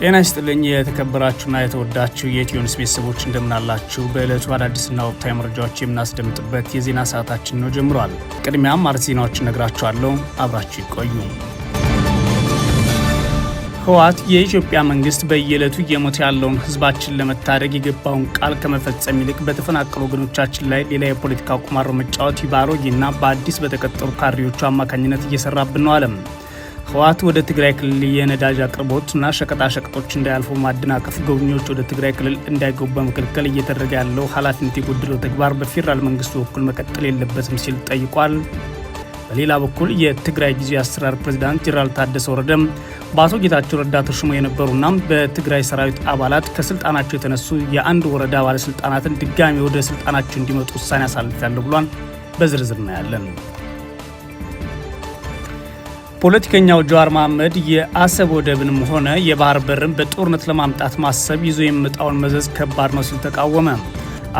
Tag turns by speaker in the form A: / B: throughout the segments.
A: ጤና ይስጥልኝ የተከበራችሁና የተወዳችሁ የኢትዮኒውስ ቤተሰቦች እንደምናላችሁ። በዕለቱ አዳዲስና ወቅታዊ መረጃዎች የምናስደምጥበት የዜና ሰዓታችን ነው ጀምሯል። ቅድሚያም አርዕስተ ዜናዎችን ነግራችኋለሁ፣ አብራችሁ ይቆዩ። ህወሓት የኢትዮጵያ መንግስት በየዕለቱ እየሞተ ያለውን ህዝባችን ለመታደግ የገባውን ቃል ከመፈጸም ይልቅ በተፈናቀሉ ወገኖቻችን ላይ ሌላ የፖለቲካ ቁማሮ መጫወት በአሮጌና በአዲስ በተቀጠሩ ካድሬዎቹ አማካኝነት እየሰራብን ነው አለም ህወሓት ወደ ትግራይ ክልል የነዳጅ አቅርቦትና ሸቀጣሸቀጦች እንዳያልፉ ማደናቀፍ፣ ጎብኚዎች ወደ ትግራይ ክልል እንዳይገቡ በመከልከል እየተደረገ ያለው ኃላፊነት የጎደለው ተግባር በፌዴራል መንግስት በኩል መቀጠል የለበትም ሲል ጠይቋል። በሌላ በኩል የትግራይ ጊዜያዊ አስተዳደር ፕሬዚዳንት ጀራል ታደሰ ወረደም በአቶ ጌታቸው ረዳ ተሹመው የነበሩና በትግራይ ሰራዊት አባላት ከስልጣናቸው የተነሱ የአንድ ወረዳ ባለስልጣናትን ድጋሚ ወደ ስልጣናቸው እንዲመጡ ውሳኔ ያለው ብሏል። በዝርዝር እናያለን። ፖለቲከኛው ጀዋር መሐመድ የአሰብ ወደብንም ሆነ የባህር በርን በጦርነት ለማምጣት ማሰብ ይዞ የሚመጣውን መዘዝ ከባድ ነው ሲል ተቃወመ።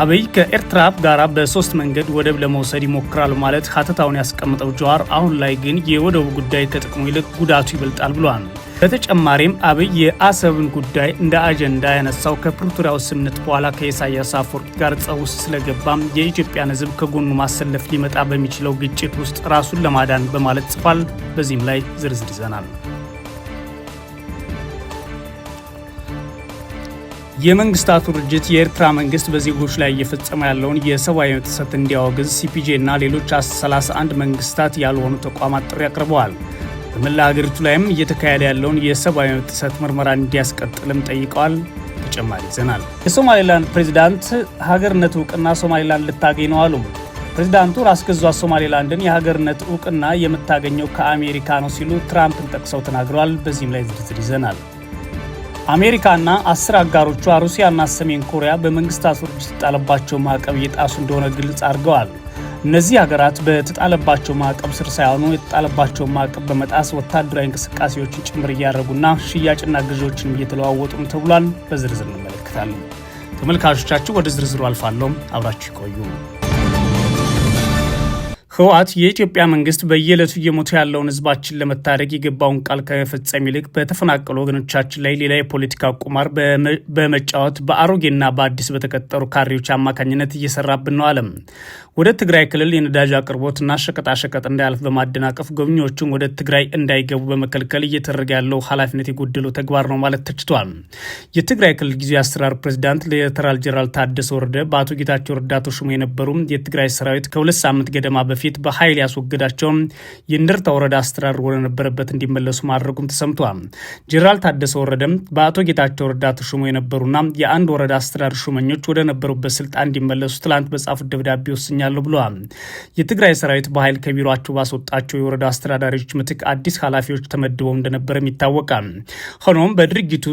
A: አብይ ከኤርትራ ጋር በሶስት መንገድ ወደብ ለመውሰድ ይሞክራል ማለት ሀተታውን ያስቀምጠው ጀዋር አሁን ላይ ግን የወደቡ ጉዳይ ከጥቅሙ ይልቅ ጉዳቱ ይበልጣል ብሏል። በተጨማሪም አብይ የአሰብን ጉዳይ እንደ አጀንዳ ያነሳው ከፕሪቶሪያው ስምምነት በኋላ ከኢሳያስ አፈወርቂ ጋር ጸብ ውስጥ ስለገባም የኢትዮጵያን ሕዝብ ከጎኑ ማሰለፍ ሊመጣ በሚችለው ግጭት ውስጥ ራሱን ለማዳን በማለት ጽፏል። በዚህም ላይ ዝርዝር ይዘናል። የመንግስታቱ ድርጅት የኤርትራ መንግስት በዜጎች ላይ እየፈጸመ ያለውን የሰብአዊ መብት ጥሰት እንዲያወግዝ ሲፒጄ እና ሌሎች 31 መንግስታት ያልሆኑ ተቋማት ጥሪ አቅርበዋል። በመላ ሀገሪቱ ላይም እየተካሄደ ያለውን የሰብአዊ መብት ጥሰት ምርመራ እንዲያስቀጥልም ጠይቀዋል። ተጨማሪ ይዘናል። የሶማሌላንድ ፕሬዚዳንት ሀገርነት እውቅና ሶማሌላንድ ልታገኝ ነው አሉ። ፕሬዚዳንቱ ራስ ገዟ ሶማሌላንድን የሀገርነት እውቅና የምታገኘው ከአሜሪካ ነው ሲሉ ትራምፕን ጠቅሰው ተናግረዋል። በዚህም ላይ ዝርዝር ይዘናል። አሜሪካና አስር አጋሮቿ ሩሲያና ሰሜን ኮሪያ በመንግስታቱ ድርጅት የጣለባቸው ማዕቀብ እየጣሱ እንደሆነ ግልጽ አድርገዋል። እነዚህ ሀገራት በተጣለባቸው ማዕቀብ ስር ሳይሆኑ የተጣለባቸውን ማዕቀብ በመጣስ ወታደራዊ እንቅስቃሴዎችን ጭምር እያደረጉና ሽያጭና ግዢዎችን እየተለዋወጡም ተብሏል። በዝርዝር እንመለከታለን። ተመልካቾቻችሁ ወደ ዝርዝሩ አልፋለሁም፣ አብራችሁ ይቆዩ። ህወሓት የኢትዮጵያ መንግስት በየዕለቱ እየሞተ ያለውን ህዝባችን ለመታደግ የገባውን ቃል ከመፈጸም ይልቅ በተፈናቀሉ ወገኖቻችን ላይ ሌላ የፖለቲካ ቁማር በመጫወት በአሮጌና በአዲስ በተቀጠሩ ካሬዎች አማካኝነት እየሰራብን ነው አለም። ወደ ትግራይ ክልል የነዳጅ አቅርቦትና ሸቀጣሸቀጥ እንዳያልፍ በማደናቀፍ ጎብኚዎቹን ወደ ትግራይ እንዳይገቡ በመከልከል እየተደረገ ያለው ኃላፊነት የጎደለው ተግባር ነው ማለት ተችቷል። የትግራይ ክልል ጊዜያዊ አስተዳደር ፕሬዚዳንት ሌተናል ጄኔራል ታደሰ ወረደ በአቶ ጌታቸው ረዳ ተሹሞ የነበሩ የትግራይ ሰራዊት ከሁለት ሳምንት ገደማ በፊት በኃይል ያስወገዳቸው የእንደርታ ወረዳ አስተዳደር ወደነበረበት እንዲመለሱ ማድረጉም ተሰምቷል። ጄኔራል ታደሰ ወረደም በአቶ ጌታቸው ረዳ ተሹሞ የነበሩና የአንድ ወረዳ አስተዳደር ሹመኞች ወደነበሩበት ስልጣን እንዲመለሱ ትላንት በጻፉት ደብዳቤ ወስኛል ያለው ብለዋል። የትግራይ ሰራዊት በኃይል ከቢሮቸው ባስወጣቸው የወረዳ አስተዳዳሪዎች ምትክ አዲስ ኃላፊዎች ተመድበው እንደነበረም ይታወቃል። ሆኖም በድርጊቱ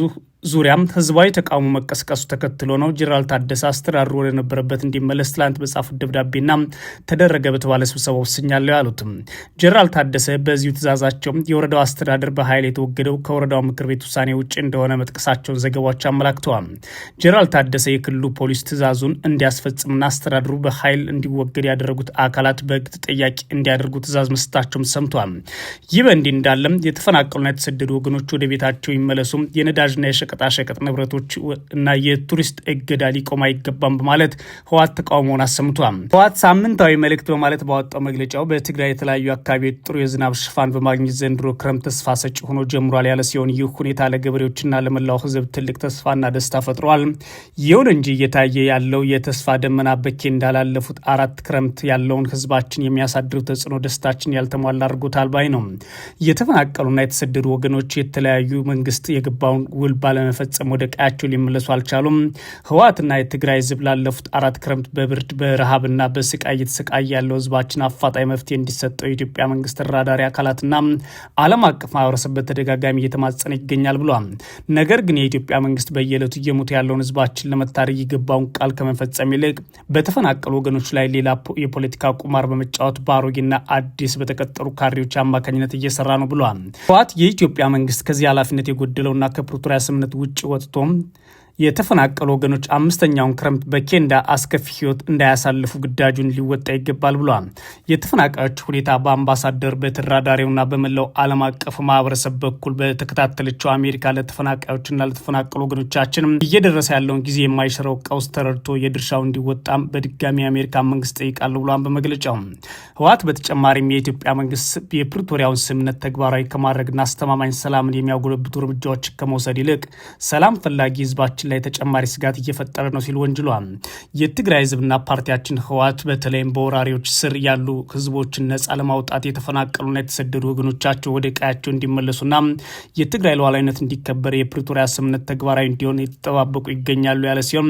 A: ዙሪያም ህዝባዊ ተቃውሞ መቀስቀሱ ተከትሎ ነው ጀኔራል ታደሰ አስተዳድሩ ወደነበረበት እንዲመለስ ትላንት በጻፉት ደብዳቤና ተደረገ በተባለ ስብሰባ ወስኛለሁ ያሉትም ጀኔራል ታደሰ በዚሁ ትእዛዛቸው የወረዳው አስተዳደር በኃይል የተወገደው ከወረዳው ምክር ቤት ውሳኔ ውጭ እንደሆነ መጥቀሳቸውን ዘገባዎች አመላክተዋል። ጀኔራል ታደሰ የክልሉ ፖሊስ ትእዛዙን እንዲያስፈጽምና አስተዳድሩ በኃይል እንዲወገድ ያደረጉት አካላት በህግ ተጠያቂ እንዲያደርጉ ትእዛዝ መስጠታቸውም ሰምቷል። ይህ በእንዲህ እንዳለም የተፈናቀሉና የተሰደዱ ወገኖች ወደ ቤታቸው ይመለሱም የነዳጅና የሸ የሸቀጣሸቀጥ ንብረቶች እና የቱሪስት እገዳ ሊቆም አይገባም በማለት ህወሓት ተቃውሞውን አሰምቷል። ህወሓት ሳምንታዊ መልእክት በማለት ባወጣው መግለጫው በትግራይ የተለያዩ አካባቢዎች ጥሩ የዝናብ ሽፋን በማግኘት ዘንድሮ ክረምት ተስፋ ሰጪ ሆኖ ጀምሯል ያለ ሲሆን ይህ ሁኔታ ለገበሬዎችና ለመላው ህዝብ ትልቅ ተስፋና ደስታ ፈጥሯል። ይሁን እንጂ እየታየ ያለው የተስፋ ደመና በኬ እንዳላለፉት አራት ክረምት ያለውን ህዝባችን የሚያሳድሩ ተጽዕኖ ደስታችን ያልተሟላ አድርጎታል ባይ ነው። የተፈናቀሉና የተሰደዱ ወገኖች የተለያዩ መንግስት የገባውን ውል ባለ ለመፈጸም ወደ ቀያቸው ሊመለሱ አልቻሉም። ህወሓትና የትግራይ ህዝብ ላለፉት አራት ክረምት በብርድ በረሃብና በስቃይ እየተሰቃየ ያለው ህዝባችን አፋጣኝ መፍትሄ እንዲሰጠው የኢትዮጵያ መንግስት ተደራዳሪ አካላትና ዓለም አቀፍ ማህበረሰብ በተደጋጋሚ እየተማጸነ ይገኛል ብሏል። ነገር ግን የኢትዮጵያ መንግስት በየዕለቱ እየሞተ ያለውን ህዝባችን ለመታደግ የገባውን ቃል ከመፈጸም ይልቅ በተፈናቀሉ ወገኖች ላይ ሌላ የፖለቲካ ቁማር በመጫወት በአሮጌና አዲስ በተቀጠሩ ካድሬዎች አማካኝነት እየሰራ ነው ብሏል። ህወሓት የኢትዮጵያ መንግስት ከዚህ ኃላፊነት የጎደለውና ከፕሪቶሪያ ስምነት ውጭ ወጥቶም የተፈናቀሉ ወገኖች አምስተኛውን ክረምት በኬንዳ አስከፊ ህይወት እንዳያሳልፉ ግዳጁን ሊወጣ ይገባል ብሏል። የተፈናቃዮች ሁኔታ በአምባሳደር በተደራዳሪውና በመላው ዓለም አቀፉ ማህበረሰብ በኩል በተከታተለችው አሜሪካ ለተፈናቃዮችና ለተፈናቀሉ ወገኖቻችን እየደረሰ ያለውን ጊዜ የማይሽረው ቀውስ ተረድቶ የድርሻው እንዲወጣም በድጋሚ የአሜሪካ መንግስት ጠይቃለሁ ብሏል። በመግለጫው ህወሓት በተጨማሪም የኢትዮጵያ መንግስት የፕሪቶሪያውን ስምምነት ተግባራዊ ከማድረግና አስተማማኝ ሰላምን የሚያጎለብቱ እርምጃዎች ከመውሰድ ይልቅ ሰላም ፈላጊ ህዝባችን በህዝባችን ላይ ተጨማሪ ስጋት እየፈጠረ ነው ሲል ወንጅሏል። የትግራይ ህዝብና ፓርቲያችን ህወሓት በተለይም በወራሪዎች ስር ያሉ ህዝቦችን ነጻ ለማውጣት የተፈናቀሉና የተሰደዱ ወገኖቻቸው ወደ ቀያቸው እንዲመለሱና የትግራይ ሉዓላዊነት እንዲከበር የፕሪቶሪያ ስምምነት ተግባራዊ እንዲሆን የተጠባበቁ ይገኛሉ ያለ ሲሆን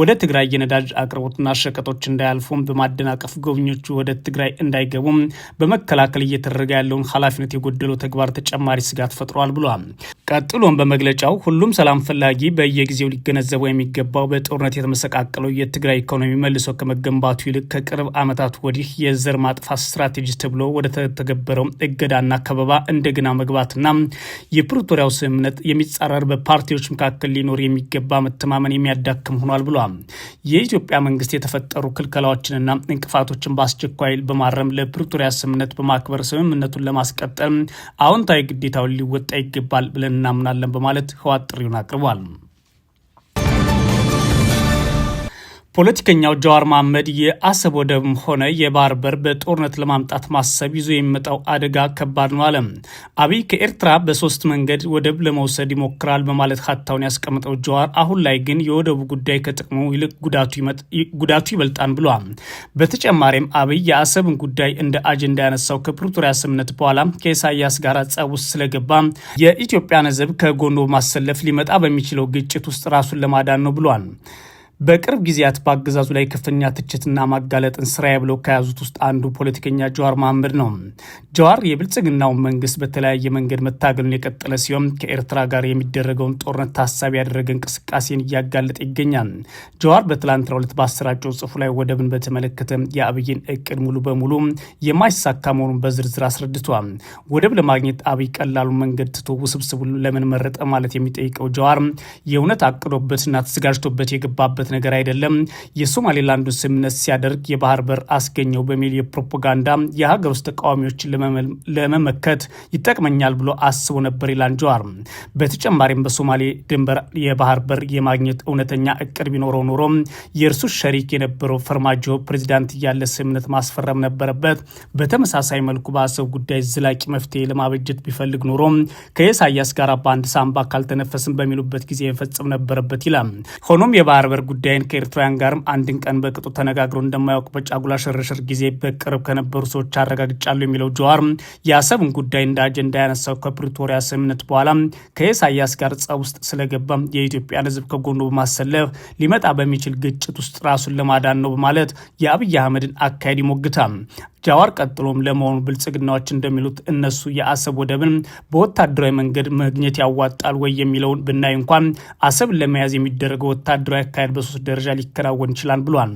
A: ወደ ትግራይ የነዳጅ አቅርቦትና ሸቀጦች እንዳያልፉም በማደናቀፍ ጎብኞቹ ወደ ትግራይ እንዳይገቡም በመከላከል እየተደረገ ያለውን ኃላፊነት የጎደለው ተግባር ተጨማሪ ስጋት ፈጥሯል ብሏል። ቀጥሎም በመግለጫው ሁሉም ሰላም ፈላጊ በየጊዜው ሊገነዘበው የሚገባው በጦርነት የተመሰቃቀለው የትግራይ ኢኮኖሚ መልሶ ከመገንባቱ ይልቅ ከቅርብ ዓመታት ወዲህ የዘር ማጥፋት ስትራቴጂ ተብሎ ወደ ተተገበረው እገዳና ከበባ እንደገና መግባትና የፕሪቶሪያው ስምምነት የሚጻረር በፓርቲዎች መካከል ሊኖር የሚገባ መተማመን የሚያዳክም ሆኗል ብሏል። የኢትዮጵያ መንግስት የተፈጠሩ ክልከላዎችንና እንቅፋቶችን በአስቸኳይ በማረም ለፕሪቶሪያ ስምምነት በማክበር ስምምነቱን ለማስቀጠል አዎንታዊ ግዴታውን ሊወጣ ይገባል ብለን እናምናለን በማለት ህወሓት ጥሪውን አቅርቧል። ፖለቲከኛው ጀዋር መሐመድ የአሰብ ወደብም ሆነ የባህር በር በጦርነት ለማምጣት ማሰብ ይዞ የሚመጣው አደጋ ከባድ ነው አለ። አብይ ከኤርትራ በሶስት መንገድ ወደብ ለመውሰድ ይሞክራል በማለት ሀታውን ያስቀምጠው ጀዋር አሁን ላይ ግን የወደቡ ጉዳይ ከጥቅሙ ይልቅ ጉዳቱ ይበልጣን ብሏል። በተጨማሪም አብይ የአሰብን ጉዳይ እንደ አጀንዳ ያነሳው ከፕሪቶሪያ ስምምነት በኋላ ከኢሳያስ ጋር ጸብ ውስጥ ስለገባ የኢትዮጵያን ሕዝብ ከጎኖ ማሰለፍ ሊመጣ በሚችለው ግጭት ውስጥ ራሱን ለማዳን ነው ብሏል። በቅርብ ጊዜያት በአገዛዙ ላይ ከፍተኛ ትችትና ማጋለጥን ስራዬ ብለው ከያዙት ውስጥ አንዱ ፖለቲከኛ ጀዋር መሐመድ ነው። ጀዋር የብልጽግናውን መንግስት በተለያየ መንገድ መታገሉን የቀጠለ ሲሆን ከኤርትራ ጋር የሚደረገውን ጦርነት ታሳቢ ያደረገ እንቅስቃሴን እያጋለጠ ይገኛል። ጀዋር በትላንትናው ዕለት በአሰራጨው ጽሑፍ ላይ ወደብን በተመለከተ የአብይን እቅድ ሙሉ በሙሉ የማይሳካ መሆኑን በዝርዝር አስረድቷል። ወደብ ለማግኘት አብይ ቀላሉ መንገድ ትቶ ውስብስቡ ለምን መረጠ ማለት የሚጠይቀው ጀዋር የእውነት አቅዶበትና ተዘጋጅቶበት የገባበት የሚሆንበት ነገር አይደለም። የሶማሌላንዱን ስምምነት ሲያደርግ የባህር በር አስገኘው በሚል የፕሮፓጋንዳ የሀገር ውስጥ ተቃዋሚዎችን ለመመከት ይጠቅመኛል ብሎ አስቦ ነበር ይላል በተጨማሪም በሶማሌ ድንበር የባህር በር የማግኘት እውነተኛ እቅድ ቢኖረው ኖሮ የእርሱ ሸሪክ የነበረው ፈርማጆ ፕሬዚዳንት እያለ ስምምነት ማስፈረም ነበረበት። በተመሳሳይ መልኩ በአሰብ ጉዳይ ዘላቂ መፍትሄ ለማበጀት ቢፈልግ ኖሮ ከኢሳያስ ጋር በአንድ ሳምባ ካልተነፈስም በሚሉበት ጊዜ የፈጽም ነበረበት ይላል። ሆኖም የባህር በር ጉዳይን ከኤርትራውያን ጋርም አንድን ቀን በቅጡ ተነጋግሮ እንደማያውቅ በጫጉላ ሽርሽር ጊዜ በቅርብ ከነበሩ ሰዎች አረጋግጫሉ የሚለው ጀዋር የአሰብን ጉዳይ እንደ አጀንዳ ያነሳው ከፕሪቶሪያ ስምምነት በኋላ ከኢሳያስ ጋር ጸብ ውስጥ ስለገባ የኢትዮጵያን ሕዝብ ከጎኑ በማሰለፍ ሊመጣ በሚችል ግጭት ውስጥ ራሱን ለማዳን ነው በማለት የአብይ አህመድን አካሄድ ይሞግታል። ጃዋር ቀጥሎም ለመሆኑ ብልጽግናዎች እንደሚሉት እነሱ የአሰብ ወደብን በወታደራዊ መንገድ መግኘት ያዋጣል ወይ የሚለውን ብናይ እንኳን አሰብን ለመያዝ የሚደረገው ወታደራዊ አካሄድ በሶስት ደረጃ ሊከናወን ይችላል ብሏል።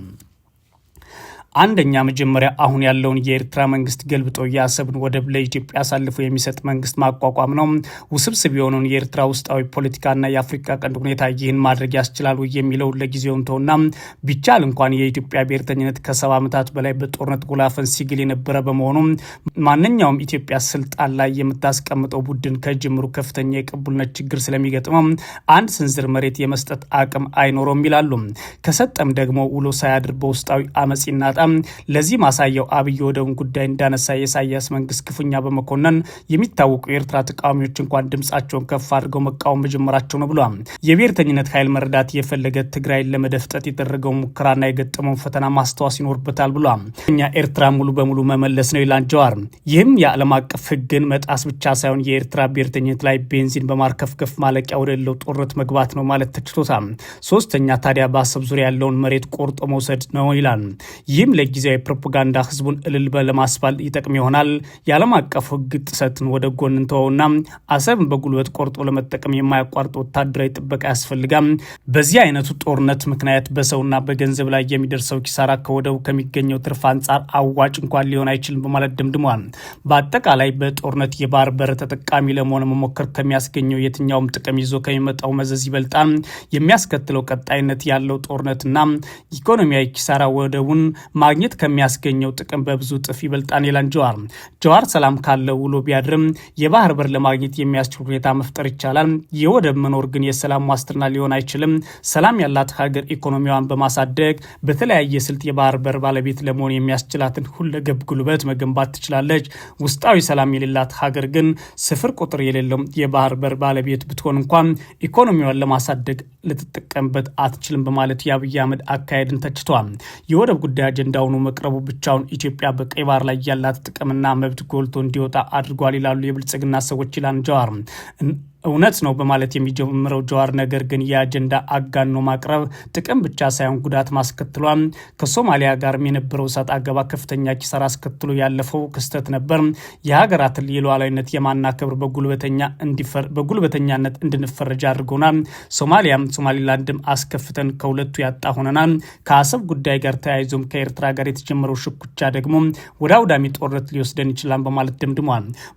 A: አንደኛ መጀመሪያ አሁን ያለውን የኤርትራ መንግስት ገልብጦ የአሰብን ወደብ ለኢትዮጵያ አሳልፎ የሚሰጥ መንግስት ማቋቋም ነው። ውስብስብ የሆነውን የኤርትራ ውስጣዊ ፖለቲካና የአፍሪካ ቀንድ ሁኔታ ይህን ማድረግ ያስችላሉ የሚለው ለጊዜውን ተውና ቢቻል እንኳን የኢትዮጵያ ብሔርተኝነት ከሰባ ዓመታት በላይ በጦርነት ጉላፈን ሲግል የነበረ በመሆኑ ማንኛውም ኢትዮጵያ ስልጣን ላይ የምታስቀምጠው ቡድን ከጅምሩ ከፍተኛ የቅቡልነት ችግር ስለሚገጥመው አንድ ስንዝር መሬት የመስጠት አቅም አይኖረውም ይላሉ። ከሰጠም ደግሞ ውሎ ሳያድር በውስጣዊ አመፅ ለዚህ ማሳያው አብይ ወደቡን ጉዳይ እንዳነሳ የኢሳያስ መንግስት ክፉኛ በመኮነን የሚታወቁ የኤርትራ ተቃዋሚዎች እንኳን ድምጻቸውን ከፍ አድርገው መቃወም መጀመራቸው ነው ብሏል። የብሔርተኝነት ኃይል መረዳት የፈለገ ትግራይን ለመደፍጠት የተደረገው ሙከራና የገጠመውን ፈተና ማስታወስ ይኖርበታል ብሏል። እኛ ኤርትራ ሙሉ በሙሉ መመለስ ነው ይላል ጀዋር። ይህም የዓለም አቀፍ ህግን መጣስ ብቻ ሳይሆን የኤርትራ ብሔርተኝነት ላይ ቤንዚን በማርከፍከፍ ማለቂያ ወደሌለው ጦርነት መግባት ነው ማለት ተችቶታል። ሶስተኛ ታዲያ በአሰብ ዙሪያ ያለውን መሬት ቆርጦ መውሰድ ነው ይላል። ይህ ይህም ለጊዜያዊ ፕሮፓጋንዳ ህዝቡን እልል ለማስባል ይጠቅም ይሆናል። የዓለም አቀፉ ህግ ጥሰትን ወደ ጎን እንተወውና አሰብን በጉልበት ቆርጦ ለመጠቀም የማያቋርጥ ወታደራዊ ጥበቃ ያስፈልጋም። በዚህ አይነቱ ጦርነት ምክንያት በሰውና በገንዘብ ላይ የሚደርሰው ኪሳራ ከወደቡ ከሚገኘው ትርፍ አንጻር አዋጭ እንኳን ሊሆን አይችልም በማለት ደምድመዋል። በአጠቃላይ በጦርነት የባህር በር ተጠቃሚ ለመሆን መሞከር ከሚያስገኘው የትኛውም ጥቅም ይዞ ከሚመጣው መዘዝ ይበልጣል። የሚያስከትለው ቀጣይነት ያለው ጦርነትና ኢኮኖሚያዊ ኪሳራ ወደቡን ማግኘት ከሚያስገኘው ጥቅም በብዙ ጥፍ ይበልጣን ይላል ጀዋር። ጀዋር ሰላም ካለው ውሎ ቢያድርም የባህር በር ለማግኘት የሚያስችል ሁኔታ መፍጠር ይቻላል። የወደብ መኖር ግን የሰላም ዋስትና ሊሆን አይችልም። ሰላም ያላት ሀገር ኢኮኖሚዋን በማሳደግ በተለያየ ስልት የባህር በር ባለቤት ለመሆን የሚያስችላትን ሁለገብ ጉልበት መገንባት ትችላለች። ውስጣዊ ሰላም የሌላት ሀገር ግን ስፍር ቁጥር የሌለው የባህር በር ባለቤት ብትሆን እንኳን ኢኮኖሚዋን ለማሳደግ ልትጠቀምበት አትችልም በማለት የአብይ አህመድ አካሄድን ተችቷል። የወደብ ጉዳይ እንዳሁኑ መቅረቡ ብቻውን ኢትዮጵያ በቀይ ባህር ላይ ያላት ጥቅምና መብት ጎልቶ እንዲወጣ አድርጓል ይላሉ የብልጽግና ሰዎች ይላን ጀዋር። እውነት ነው በማለት የሚጀምረው ጀዋር ነገር ግን የአጀንዳ አጋኖ ማቅረብ ጥቅም ብቻ ሳይሆን ጉዳት ማስከትሏል። ከሶማሊያ ጋርም የነበረው እሳት አገባ ከፍተኛ ኪሳራ አስከትሎ ያለፈው ክስተት ነበር። የሀገራትን የሉዓላዊነት የማናከብር በጉልበተኛነት እንድንፈረጅ አድርጎናል። ሶማሊያም ሶማሊላንድም አስከፍተን ከሁለቱ ያጣ ሆነናል። ከአሰብ ጉዳይ ጋር ተያይዞም ከኤርትራ ጋር የተጀመረው ሽኩቻ ደግሞ ወደ አውዳሚ ጦርነት ሊወስደን ይችላል በማለት ደምድሟል።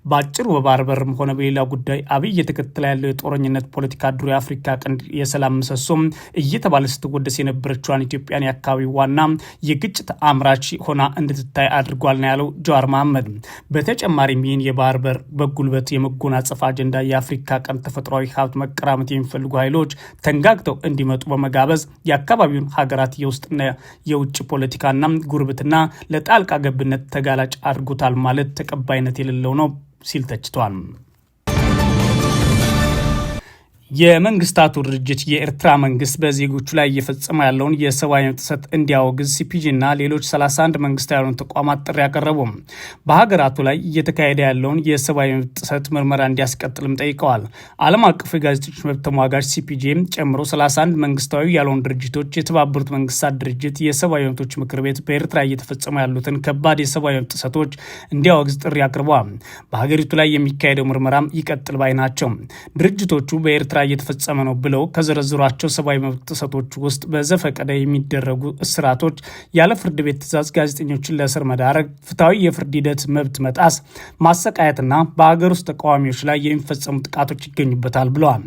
A: በአጭሩ በባርበርም ሆነ በሌላ ጉዳይ አብይ የተከ ተከትላ ያለው የጦረኝነት ፖለቲካ ድሮ የአፍሪካ ቀንድ የሰላም ምሰሶ እየተባለ ስትወደስ የነበረችዋን ኢትዮጵያን የአካባቢ ዋና የግጭት አምራች ሆና እንድትታይ አድርጓል ነው ያለው ጀዋር መሐመድ። በተጨማሪም ይህን የባህር በር በጉልበት የመጎናጸፍ አጀንዳ የአፍሪካ ቀንድ ተፈጥሯዊ ሀብት መቀራመት የሚፈልጉ ኃይሎች ተንጋግተው እንዲመጡ በመጋበዝ የአካባቢውን ሀገራት የውስጥና የውጭ ፖለቲካና ጉርብትና ለጣልቃ ገብነት ተጋላጭ አድርጎታል ማለት ተቀባይነት የሌለው ነው ሲል ተችቷል። የመንግስታቱ ድርጅት የኤርትራ መንግስት በዜጎቹ ላይ እየፈጸመ ያለውን የሰብአዊ መብት ጥሰት እንዲያወግዝ ሲፒጂ እና ሌሎች 31 መንግስታዊ ያልሆኑ ተቋማት ጥሪ ያቀረቡ በሀገራቱ ላይ እየተካሄደ ያለውን የሰብአዊ መብት ጥሰት ምርመራ እንዲያስቀጥልም ጠይቀዋል። ዓለም አቀፉ የጋዜጠኞች መብት ተሟጋች ሲፒጂም ጨምሮ 31 መንግስታዊ ያልሆኑ ድርጅቶች የተባበሩት መንግስታት ድርጅት የሰብአዊ መብቶች ምክር ቤት በኤርትራ እየተፈጸሙ ያሉትን ከባድ የሰብአዊ መብት ጥሰቶች እንዲያወግዝ ጥሪ አቅርበዋል። በሀገሪቱ ላይ የሚካሄደው ምርመራም ይቀጥል ባይ ናቸው። ድርጅቶቹ በኤርትራ ላይ እየተፈጸመ ነው ብለው ከዘረዝሯቸው ሰብአዊ መብት ጥሰቶች ውስጥ በዘፈቀደ የሚደረጉ እስራቶች፣ ያለ ፍርድ ቤት ትእዛዝ ጋዜጠኞችን ለእስር መዳረግ፣ ፍትሐዊ የፍርድ ሂደት መብት መጣስ፣ ማሰቃየትና በሀገር ውስጥ ተቃዋሚዎች ላይ የሚፈጸሙ ጥቃቶች ይገኙበታል ብለዋል።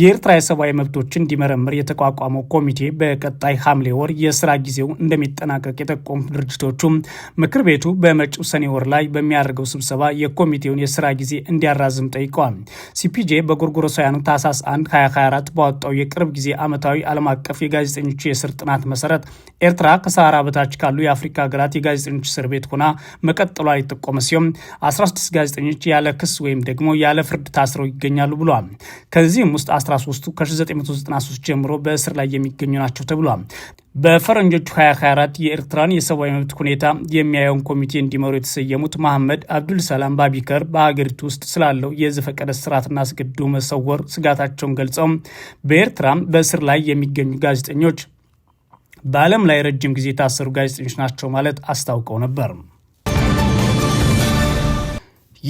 A: የኤርትራ የሰብአዊ መብቶች እንዲመረምር የተቋቋመው ኮሚቴ በቀጣይ ሐምሌ ወር የስራ ጊዜው እንደሚጠናቀቅ የጠቆሙ ድርጅቶቹ ምክር ቤቱ በመጪው ሰኔ ወር ላይ በሚያደርገው ስብሰባ የኮሚቴውን የስራ ጊዜ እንዲያራዝም ጠይቀዋል። ሲፒጄ በጎርጎሮሳውያኑ ታህሳስ 2024 በወጣው የቅርብ ጊዜ ዓመታዊ ዓለም አቀፍ የጋዜጠኞች የእስር ጥናት መሰረት ኤርትራ ከሰሃራ በታች ካሉ የአፍሪካ ሀገራት የጋዜጠኞች እስር ቤት ሆና መቀጠሏ የጠቆመ ሲሆን 16 ጋዜጠኞች ያለ ክስ ወይም ደግሞ ያለ ፍርድ ታስረው ይገኛሉ ብሏል። ከዚህም ውስጥ 13ቱ ከ1993 ጀምሮ በእስር ላይ የሚገኙ ናቸው ተብሏል። በፈረንጆቹ 2024 የኤርትራን የሰብአዊ መብት ሁኔታ የሚያየውን ኮሚቴ እንዲመሩ የተሰየሙት መሐመድ አብዱል ሰላም ባቢከር በሀገሪቱ ውስጥ ስላለው የዘፈቀደ ስርዓትና አስገድዶ መሰወር ስጋታቸውን ገልጸው በኤርትራም በእስር ላይ የሚገኙ ጋዜጠኞች በዓለም ላይ ረጅም ጊዜ የታሰሩ ጋዜጠኞች ናቸው ማለት አስታውቀው ነበር።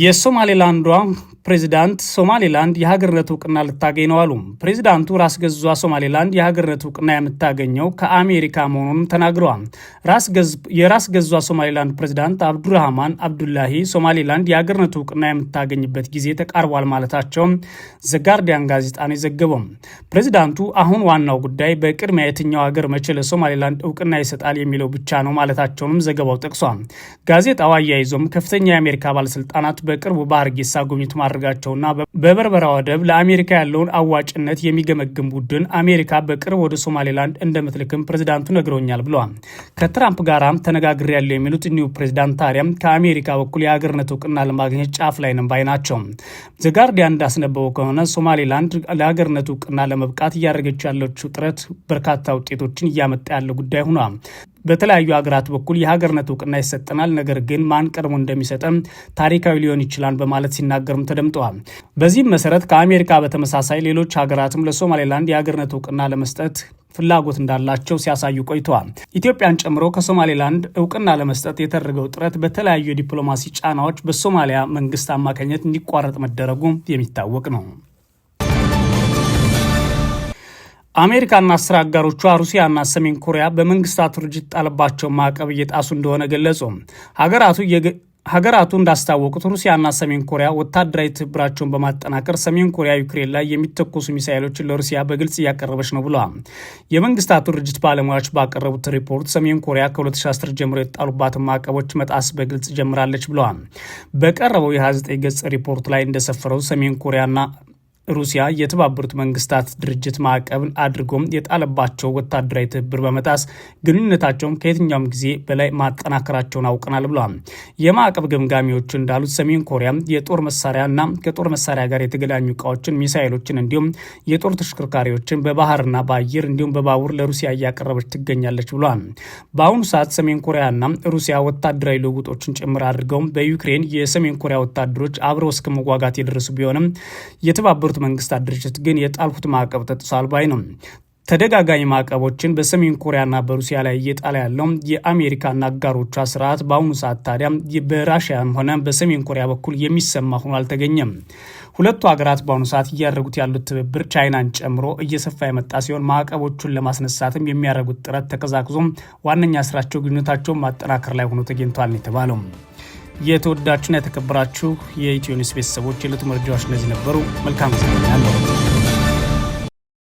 A: የሶማሌላንዷ ፕሬዚዳንት ሶማሌላንድ የሀገርነት እውቅና ልታገኝ ነው አሉ። ፕሬዚዳንቱ ራስ ገዟ ሶማሌላንድ የሀገርነት እውቅና የምታገኘው ከአሜሪካ መሆኑን ተናግረዋል። የራስ ገዟ ሶማሌላንድ ፕሬዚዳንት አብዱራህማን አብዱላሂ ሶማሌላንድ የሀገርነት እውቅና የምታገኝበት ጊዜ ተቃርቧል ማለታቸውም ዘጋርዲያን ጋዜጣ ነው የዘገበው። ፕሬዚዳንቱ አሁን ዋናው ጉዳይ በቅድሚያ የትኛው ሀገር መቼ ለሶማሌላንድ እውቅና ይሰጣል የሚለው ብቻ ነው ማለታቸውንም ዘገባው ጠቅሷል። ጋዜጣው አያይዞም ከፍተኛ የአሜሪካ ባለስልጣናት በቅርቡ በሀርጌሳ ጉብኝት ማድረጋቸውና በበርበራ ወደብ ለአሜሪካ ያለውን አዋጭነት የሚገመግም ቡድን አሜሪካ በቅርብ ወደ ሶማሌላንድ እንደምትልክም ፕሬዚዳንቱ ነግረውኛል ብለዋል። ከትራምፕ ጋራም ተነጋግሬ ያለው የሚሉት እኒሁ ፕሬዚዳንት ታዲያም ከአሜሪካ በኩል የሀገርነት እውቅና ለማግኘት ጫፍ ላይ ነን ባይ ናቸው። ዘጋርዲያን እንዳስነበበው ከሆነ ሶማሌላንድ ለሀገርነት እውቅና ለመብቃት እያደረገች ያለችው ጥረት በርካታ ውጤቶችን እያመጣ ያለ ጉዳይ ሆኗል። በተለያዩ ሀገራት በኩል የሀገርነት እውቅና ይሰጠናል፣ ነገር ግን ማን ቀድሞ እንደሚሰጠም ታሪካዊ ሊሆን ይችላል በማለት ሲናገርም ተደምጠዋል። በዚህም መሰረት ከአሜሪካ በተመሳሳይ ሌሎች ሀገራትም ለሶማሌላንድ የሀገርነት እውቅና ለመስጠት ፍላጎት እንዳላቸው ሲያሳዩ ቆይተዋል። ኢትዮጵያን ጨምሮ ከሶማሌላንድ እውቅና ለመስጠት የተደረገው ጥረት በተለያዩ የዲፕሎማሲ ጫናዎች በሶማሊያ መንግስት አማካኝነት እንዲቋረጥ መደረጉ የሚታወቅ ነው። አሜሪካና አስር አጋሮቿ ሩሲያና ሰሜን ኮሪያ በመንግስታቱ ድርጅት ጣለባቸው ማዕቀብ እየጣሱ እንደሆነ ገለጹ። ሀገራቱ ሀገራቱ እንዳስታወቁት ሩሲያና ሰሜን ኮሪያ ወታደራዊ ትብብራቸውን በማጠናከር ሰሜን ኮሪያ ዩክሬን ላይ የሚተኮሱ ሚሳይሎችን ለሩሲያ በግልጽ እያቀረበች ነው ብለዋል። የመንግስታቱ ድርጅት ባለሙያዎች ባቀረቡት ሪፖርት ሰሜን ኮሪያ ከ2010 ጀምሮ የተጣሉባትን ማዕቀቦች መጣስ በግልጽ ጀምራለች ብለዋል። በቀረበው የ29 ገጽ ሪፖርት ላይ እንደሰፈረው ሰሜን ኮሪያና ሩሲያ የተባበሩት መንግስታት ድርጅት ማዕቀብን አድርጎም የጣለባቸው ወታደራዊ ትብብር በመጣስ ግንኙነታቸውን ከየትኛውም ጊዜ በላይ ማጠናከራቸውን አውቀናል ብለዋል። የማዕቀብ ግምጋሚዎች እንዳሉት ሰሜን ኮሪያ የጦር መሳሪያና ከጦር መሳሪያ ጋር የተገናኙ እቃዎችን፣ ሚሳይሎችን እንዲሁም የጦር ተሽከርካሪዎችን በባህርና በአየር እንዲሁም በባቡር ለሩሲያ እያቀረበች ትገኛለች ብለዋል። በአሁኑ ሰዓት ሰሜን ኮሪያና ሩሲያ ወታደራዊ ልውውጦችን ጭምር አድርገውም በዩክሬን የሰሜን ኮሪያ ወታደሮች አብረው እስከ መዋጋት የደረሱ ቢሆንም የተባበሩት መንግስታት ድርጅት ግን የጣልኩት ማዕቀብ ተጥሷል ባይ ነው። ተደጋጋሚ ማዕቀቦችን በሰሜን ኮሪያና በሩሲያ ላይ እየጣለ ያለው የአሜሪካና አጋሮቿ ስርዓት በአሁኑ ሰዓት ታዲያ በራሽያም ሆነ በሰሜን ኮሪያ በኩል የሚሰማ ሆኖ አልተገኘም። ሁለቱ ሀገራት በአሁኑ ሰዓት እያደረጉት ያሉት ትብብር ቻይናን ጨምሮ እየሰፋ የመጣ ሲሆን ማዕቀቦቹን ለማስነሳትም የሚያደርጉት ጥረት ተቀዛቅዞ ዋነኛ ስራቸው ግንኙነታቸውን ማጠናከር ላይ ሆኖ ተገኝቷል የተባለው የተወዳችሁና የተከበራችሁ የኢትዮ ኒውስ ቤተሰቦች የዕለቱ መረጃዎች እነዚህ ነበሩ። መልካም ዜና ያለው